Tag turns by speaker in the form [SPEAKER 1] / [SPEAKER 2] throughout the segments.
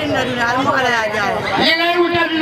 [SPEAKER 1] leen ay wutal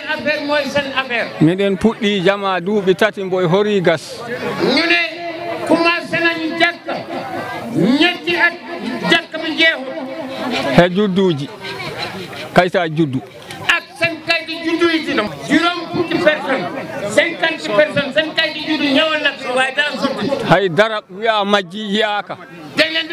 [SPEAKER 1] seen affaire mooy seen miɗen puɗɗi jama duuɓi tati mboy hori gas. ñu ne commencé nañu jàkka ñetti at jàkka bi he judduuji kayta juddu. dara hay dara wiya majji yiyaaka.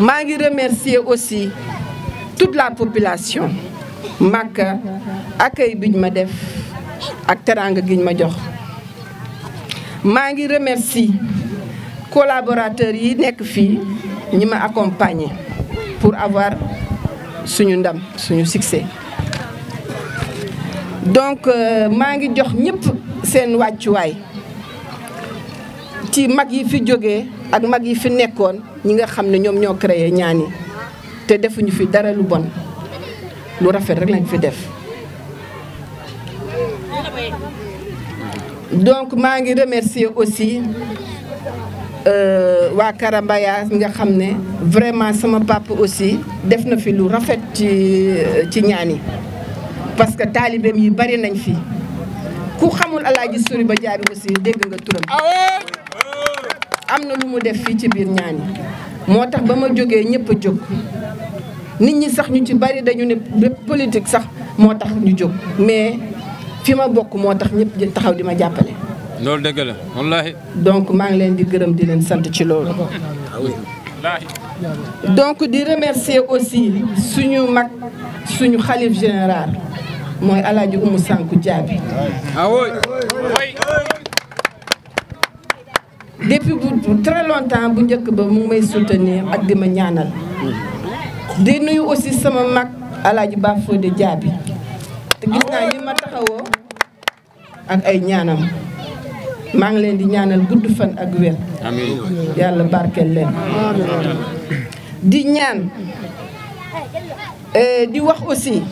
[SPEAKER 2] maa ngi remercier aussi toute la population Màkka accueil bi ñu ma def ak teraanga gi ma jox maa ngi remercier collaborateurs yi nekk fii ñi ma accompagner pour avoir suñu ndam suñu succès donc euh, maa ngi jox ñëpp seen wàccuwaay ci mag yi fi jóge ak mag yi fi nekkoon ñi nga xam ne ñoom ñoo créé ñaan yi te defuñu fi dara lu bon lu rafet rek lañ fi def donc maa ngi remercier aussi euh, waa Karambaya nga xam ne vraiment sama papa aussi def na fi lu rafet ci ci ñaan yi parce que taalibeem yi bari nañ fi ku xamul Alaaji Sori Ba Jaabi aussi dégg nga turam ah am na lu mu def fii ci biir ñaani moo tax ba ma jógee ñëpp a jóg nit ñi sax ñu ci bari dañu ne politique sax moo tax ñu jóg mais fi ma bokk moo tax ñëpp jël taxaw di ma jàppale.
[SPEAKER 1] loolu dëgg la wallaahi.
[SPEAKER 2] donc maa ngi leen di gërëm di leen sant ci loolu. donc di remercier aussi suñu mag suñu xalif général mooy El Hadj Oumou Sanku Diaby. pour très bu njëkk ba mu ngi may soutenir ak di ma ñaanal di nuyu aussi sama mag alaaji Ba Fodé jaabi te gis naa li ma taxawoo ak ay ñaanam maa ngi leen di ñaanal gudd fan ak wér amiin yàlla barkeel leen di ñaan eh, di wax aussi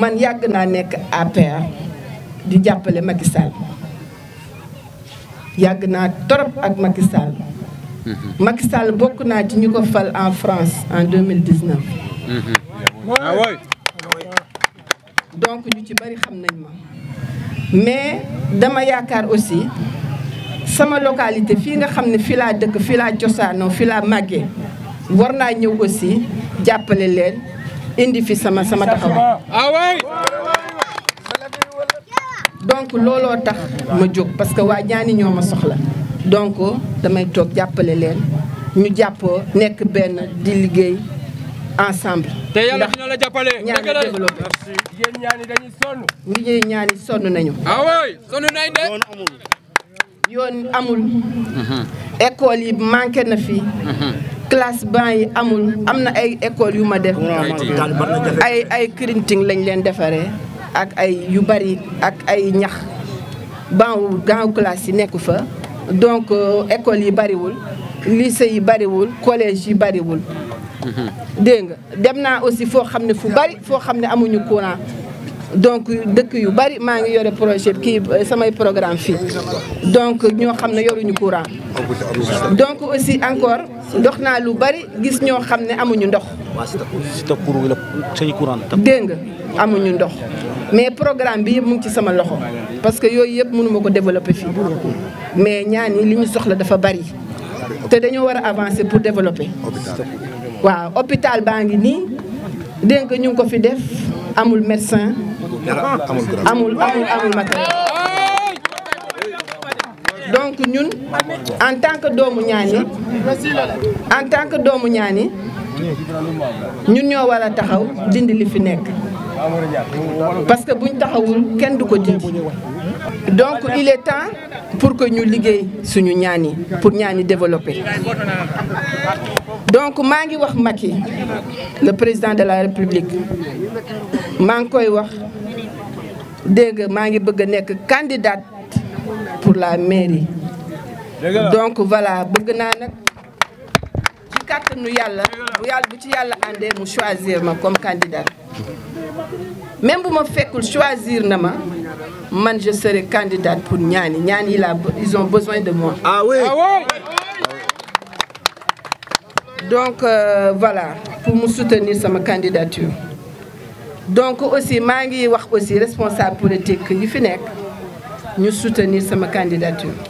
[SPEAKER 2] man yàgg naa nekk APR di jàppale Macky yàgg naa torop ak mhm. Macky Sall. bokk naa ci ñu ko fal en France en 2019. Mhm. Ah donc ñu ci bari xam nañ ma. mais dama yaakaar aussi sama localité fii nga xam ne fii laa dëkk fii laa cosaanoo fii laa màggee war naa ñëw aussi jàppale leen indi fi sama sama taxawaay.
[SPEAKER 1] Ah
[SPEAKER 2] donc looloo tax ma jóg parce que waa Ñaani ñoo ma soxla donc damay toog jàppale leen ñu jàppoo nekk benn di liggéey ensemble. te yàlla dina la jàppale ñaani développé.
[SPEAKER 1] yéen ñaani dañuy
[SPEAKER 2] sonn. liggéey ñaani sonn nañu. ah
[SPEAKER 1] oui sonn nañ de. yoon
[SPEAKER 2] amul. yoon amul. école yi manqué na fi. classe ban yi amul am na ay école yu ma def. ay ay ay crinting lañ leen defaree. ak ay yu bari ak ay ñax banc gàncax classe yi nekk fa. donc euh, école yi bariwul lycée yi bariwul collège yi bariwul. Mhm. dégg nga dem naa aussi foo xam ne fu bari foo xam ne amuñu courant. donc dëkk yu bari maa ngi yore projet kii euh, samay programme fii donc ñoo xam ne yoruñu courant donc aussi encore dox naa lu bari gis ñoo xam ne amuñu ndox dégg nga amuñu ndox mais programme bi yëpp mu ngi ci sama loxo parce que yooyu yëpp mënuma ko développer fii mais ñaan yi li ñu soxla dafa bari te dañoo war a avancer pour développer waaw hôpital baa ngi nii dégg nga ñu ko fi def amul médecin amul amul amul matériel donc ñun en tant que doomu ñaani en tant que doomu ñaani ñun ñoo war a taxaw dindi li fi nekk parce que buñ taxawul kenn du ko dindi donc il est temps pour que ñu liggéey suñu ñaan yi pour ñaan yi développer donc maa ngi wax yi le président de la République maa ngi koy wax dégg nga maa ngi bëgg a nekk candidate pour la mairie donc voilà bëgg naa nag kàttanu yàlla bu yàlla bu ci yàlla àndee mu choisir ma comme candidat même bu ma fekkul choisir na ma man je serai candidate pour ñaani ñaani yi la ils ont besoin de moi. ah oui ah donc euh, voilà pour mu soutenir sama candidature. donc aussi maa ngi wax aussi responsable politique yi fi nekk ñu soutenir sama candidature.